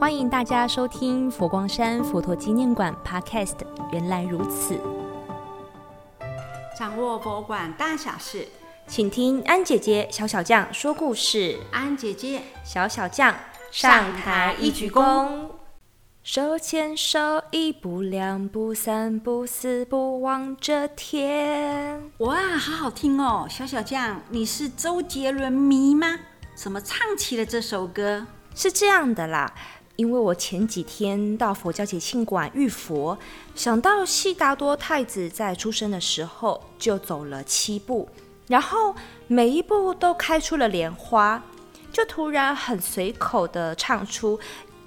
歡迎大家收聽佛光山佛陀紀念館 Podcast《原來如此》，掌握博物館大小事，請聽安姐姐小小將說故事。安姐姐，小小將上台一鞠躬，手牽手，一步兩步三步四步望著天。哇，好好聽哦！小小將，你是周杰倫迷嗎？怎麼唱起了這首歌？是這樣的啦。因為我前幾天到佛教節慶館遇佛，想到悉達多太子在出生的時候就走了七步，然後每一步都開出了蓮花，就突然很隨口的唱出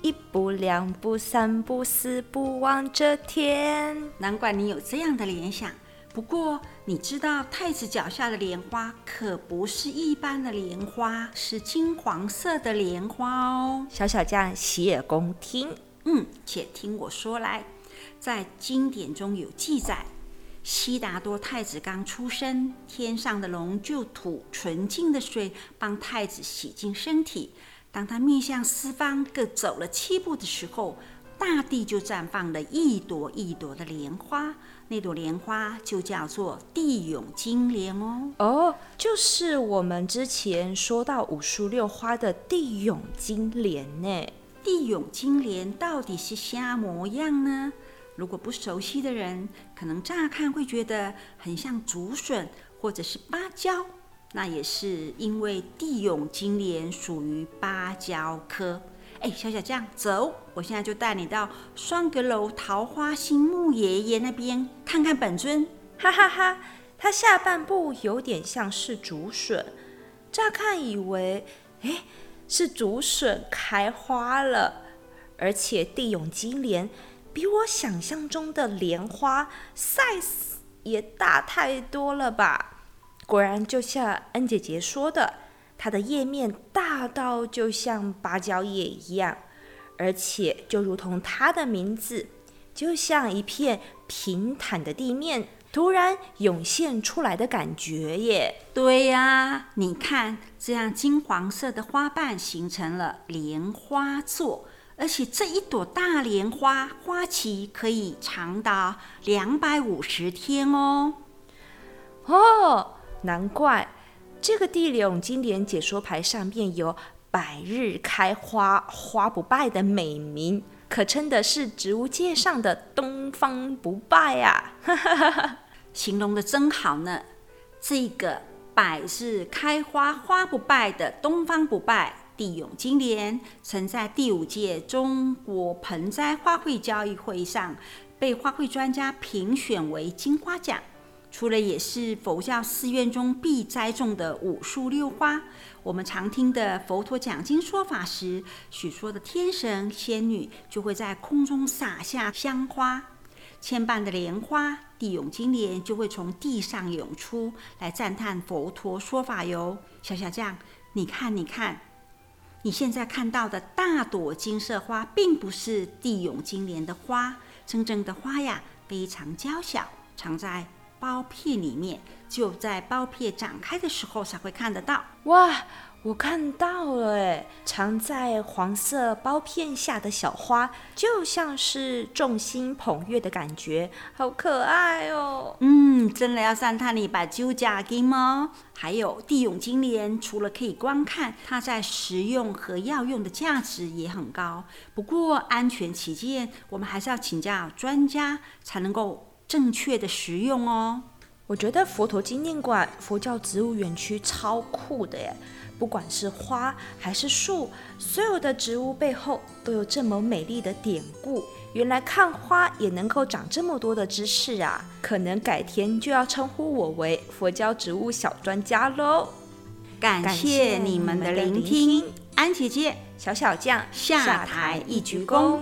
一步兩步三步四步望着天。難怪你有這樣的聯想。不過，你知道太子腳下的蓮花可不是一般的蓮花，是金黃色的蓮花哦。小小將洗耳恭聽。嗯，且聽我說來，在經典中有記載，悉達多太子剛出生，天上的龍就吐純淨的水，幫太子洗淨身體。當他面向四方各走了七步的時候，大地就綻放了一朵一朵的蓮花，那朵蓮花就叫做地湧金蓮哦。哦，oh, 就是我們之前說到五樹六花的地湧金蓮呢。地湧金蓮到底是啥模樣呢？如果不熟悉的人，可能乍看會覺得很像竹筍或者是芭蕉，那也是因為地湧金蓮屬於芭蕉科。哎，小小這樣走！我現在就帶你到雙閣樓桃花心木爺爺那邊看看本尊，哈哈哈！他下半部有點像是竹筍，乍看以為哎是竹筍開花了，而且地湧金蓮比我想象中的蓮花 size 也大太多了吧？果然就像恩姐姐說的。它的葉面大到就像芭蕉葉一樣，而且就如同它的名字，就像一片平坦的地面突然湧現出來的感覺耶。對呀，啊，你看，這樣金黃色的花瓣形成了蓮花座，而且這一朵大蓮花花期可以長達兩百五十天哦。哦，難怪。這個地湧金蓮解說牌上面有“百日開花，花不敗”的美名，可稱的是植物界上的東方不敗啊！哈哈哈哈，形容的真好呢。這個“百日開花，花不敗”的東方不敗地湧金蓮，曾在第五屆中國盆栽花卉交易會上被花卉專家評選為金花獎。除了也是佛教寺院中必栽種的五樹六花，我們常聽的佛陀講經說法時，許說的天神仙女就會在空中撒下香花，千瓣的蓮花地湧金蓮就會從地上湧出來讚歎佛陀說法喲。小小醬，你看你看，你現在看到的大朵金色花，並不是地湧金蓮的花，真正的花呀，非常嬌小，藏在。包裡面，就在包展開的時候才會看得到。哇，我看到了哎！藏在黃色包下的小花，就像是眾星捧月的感覺，好可愛哦。嗯，真的要讚嘆你把舊假給嗎？還有地湧金蓮，除了可以觀看，它在食用和藥用的價值也很高。不過安全起見，我們還是要請教專家才能夠。正確的食用哦，我覺得佛陀紀念館佛教植物園區超酷的耶！不管是花還是樹，所有的植物背後都有這麼美麗的典故。原來看花也能夠長這麼多的知識啊，可能改天就要稱呼我為佛教植物小專家嘍。感謝你們的聆聽，安姐姐、小小將下台一鞠躬。